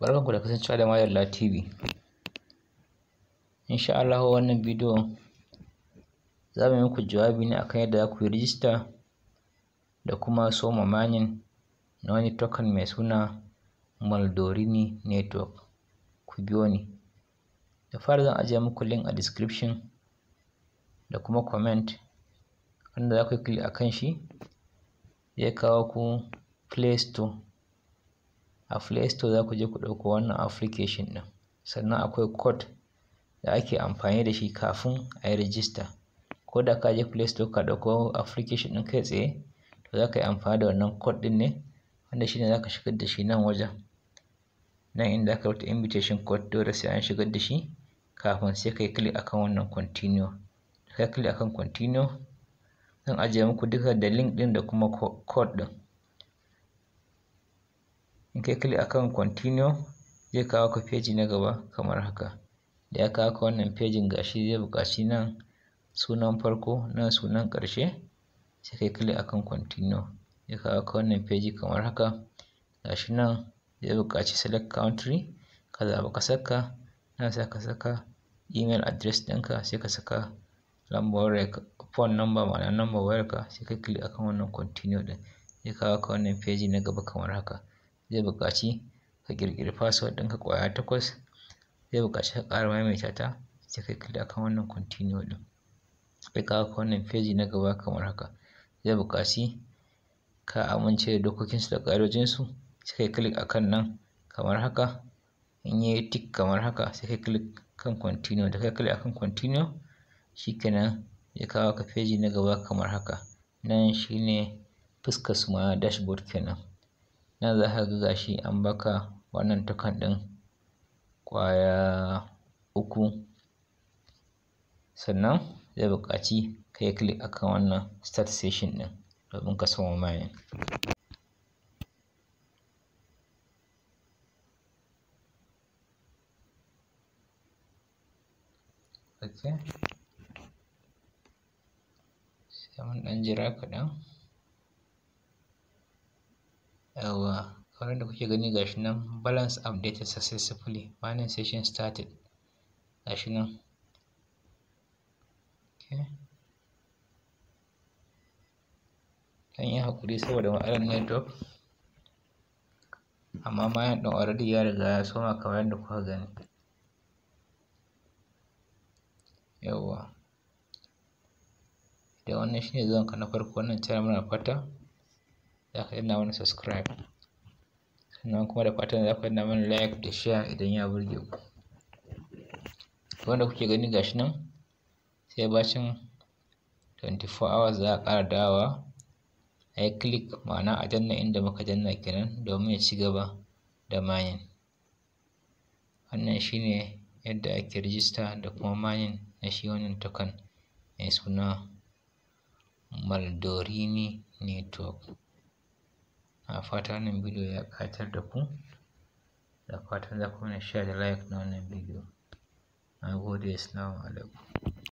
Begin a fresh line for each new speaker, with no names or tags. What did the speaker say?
ku da kasancewa da madalla tv insha Allah wannan bidiyo za mu yi muku jawabi ne akan yadda za ku yi rijista da kuma soma manin na wani token mai suna maldorini network ku biyo ni da fara zan ajiye muku link a description da kuma comment wanda za ku yi click akan shi zai kawo ku play store a play store za ku je ku ɗauko wannan application ɗin sannan akwai code da ake amfani da shi kafin a yi register ko da ka je play store ka ɗauko application ɗin kai tsaye to za ka yi amfani da wannan code ɗin ne wanda shine za ka shigar da shi nan wajen nan inda aka rubuta invitation code dole sai an shigar da shi kafin sai ka yi click akan wannan continue da ka click akan continue zan ajiye muku duka da link ɗin da kuma code ɗin in kai click akan continue zai kawo ka feji na gaba kamar haka da ya kawo ka wannan fejin gashi zai buƙaci nan sunan farko nan sunan ƙarshe sai kai click akan continue zai kawo ka wannan feji kamar haka gashi nan zai buƙaci select country ka zaɓi ka saka nan sai ka saka email address ɗinka sai ka saka lambar ka phone number ma'ana number wayarka sai ka click akan wannan continue ɗin zai kawo ka wannan feji na gaba kamar haka zai buƙaci ka ƙirƙiri password ɗinka ƙwaya takwas zai buƙaci ka ƙara maimaita ta sai ka click akan wannan continue ɗin sai ka ga wannan page na gaba kamar haka zai buƙaci ka amince da dokokinsu da su sai kai click akan nan kamar haka in yi tick kamar haka sai kai click kan continue da kai click akan continue shikenan ya kawo ka page na gaba kamar haka nan shine fuskar su ma dashboard kenan nan za ka ga gashi an baka wannan tukan ɗin ƙwaya uku sannan zai buƙaci ka yi click akan wannan start session ɗin domin ka soma mining okay sai mun ɗan jira kaɗan yawwa kamar yadda kuke gani gashi nan balance updated successfully mining session started gashi nan kan yi haƙuri saboda matsalar network amma mayan ɗin already ya riga ya soma kamar yadda kuka gani yawwa da wannan shine ka na farko wannan channel muna fata za ka danna mana subscribe sannan kuma da fatan za ku danna mana like da share idan ya burge ku wanda kuke gani gashi nan sai bacin 24 hours za a ƙara dawowa a yi click ma'ana a danna inda muka danna kenan domin ya ci gaba da mining wannan shine yadda ake rijista da kuma mayin na shi wannan token mai suna Maldorini Network. A fata wannan bidiyo ya ƙayatar da ku, da fatan za ku mana share da like na wannan bidiyo. Na gode, assalamu alaikum.